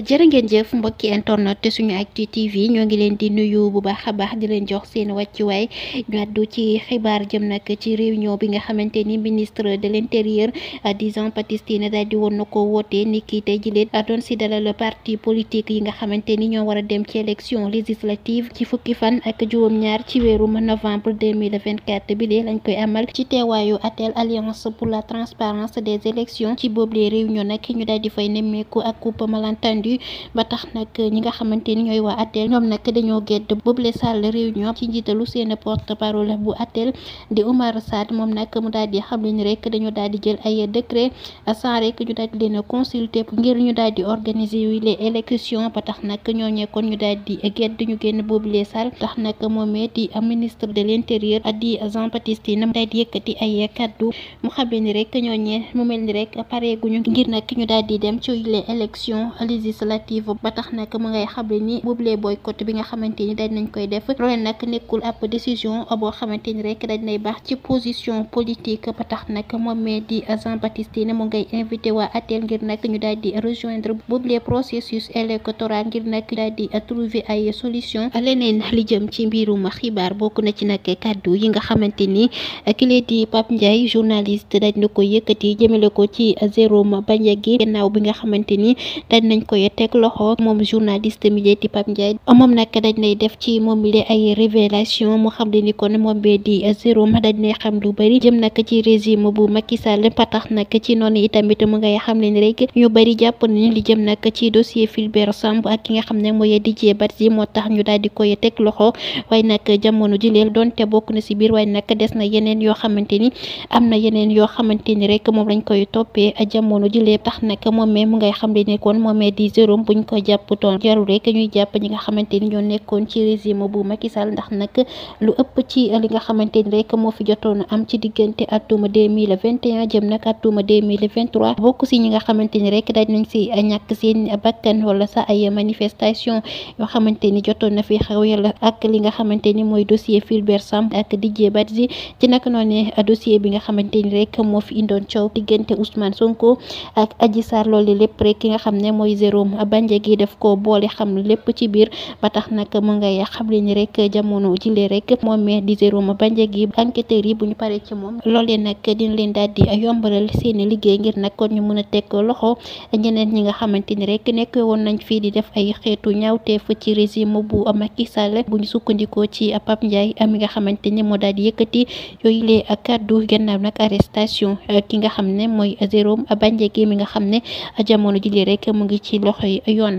jërë ngeen jëf mbokki internet te suñu actu tv ñoo ngi leen di nuyu bu baax a baax di leen jox seen wàccuwaay ñu àddu ci xibaar jëm nag ci réunion bi nga xamante ni ministre de l' intérieur euh, di Jean Baptiste Tine daal di woon na ko woote ni kii tey jii leen euh, doon si dalal parti politique yi nga xamante ni ñoo war a dem ci élection législative ci fukki fan ak juróom-ñaar ci weerum novembre 2024 bi lee lañ koy amal ci teewaayu atel alliance pour la transparence des élections ci boobu les réunion nag ñu daal di fay nemmeeku ak coupe malentendu bi ba tax nag ñi nga xamante ni ñooy waa ATEL ñoom nag dañoo gedd boobule salle réunion ci njiitalu seen porte parole bu ATEL di Oumar Sarr moom nag mu daal di xam leen rek dañoo daal di jël ay décret sans rek ñu daal di leen consulter ngir ñu daal di organiser yu les ba tax nag ñoo ñekkoon ñu daal di gedd ñu génn boobule salle tax nag moomee di ministre de l'intérieur di Jean Baptiste Tine daal di yëkkati ay kaddu mu xam ni rek ñoo mu mel législative ba tax nag mu ngay xamle ni boobule boycott bi nga xamante ni dañ nañ koy def loole nag nekkul ab décision boo xamante ni rek dañ nay baax ci position politique ba tax nag moom mee di Jean Baptiste Tine mu ngay invité waa ATEL ngir nag ñu daal di rejoindre boobule processus électoral ngir nag daal di trouver ay solution leneen li jëm ci mbirum xibaar bokk na ci nag kaddu yi nga xamante ni kile di Pape Ndiaye journaliste dañ na ko yëkkati jëmale ko ci Jérôme Bandiaky bi nga xamante ni dañ nañ koy teg loxo moom journaliste mi lee di Pape Ndiaye moom nag dañ lay def ci moom mi lee ay révélation xam le ni kon moom bee di Jérôme dañ lay xam lu bëri jëm nag ci régime bu Macky Sall patax nag xam leen rek ñu bëri jàpp li jëm nag ci dossier Fulbert Sambou ak ki nga xam ne mooy Didier Badji moo tax ñu daal di koy teg loxo waaye nag jamono ji leel donte bokk na si biir waaye nag des na yeneen yoo xamante ni am na yeneen yoo xamante ni rek moom lañ koy toppee jamono ji tax nag moom mu ngay xam le ni kon moomee di juróom buñ ko jàpputoon jarul rek ñuy jàpp ñi nga xamante ni ñoo nekkoon ci régime bu Macky ndax nag lu ëpp ci li nga xamante ni rek moo fi jotoon am ci diggante atuma 2021 jëm nag atuma 2023 bokk si ñi nga xamante ni rek dañ nañ si ñàkk seen bakkan wala sa ay manifestation yoo xamante ni jotoon na fi xew yàlla ak li nga xamante ni mooy dossier Fulbert Sambou ak Didier Badji ci nag noonu ne dossier bi nga xamante ni rek moo fi indoon coow diggante Ousmane Sonko ak Adji loolu lépp rek ki nga xam ne mooy zéro juróom bànje gi def ko boole xam lépp ci biir ba tax nag mu ngay xam li ni rek jamono jile rek moom mi di Jérôme Bandiaky gi enquêteurs yi bu ñu paree ci moom loolee nag dina leen daal di yombalal seeni liggéey ngir nag kon ñu mën a teg loxo ñeneen ñi nga xamante ni rek nekk woon nañ fii di def ay xeetu ñaawteef ci régime bu Macky Sall bu ñu sukkandikoo ci Pape Ndiaye mi nga xamante ni moo daal di yëkkati yooyu lee kàddu gannaaw nag arrestation ki nga xam ne mooy Jérôme mi nga xam ne jamono jile rek mu ngi ci loxo yi ay yoon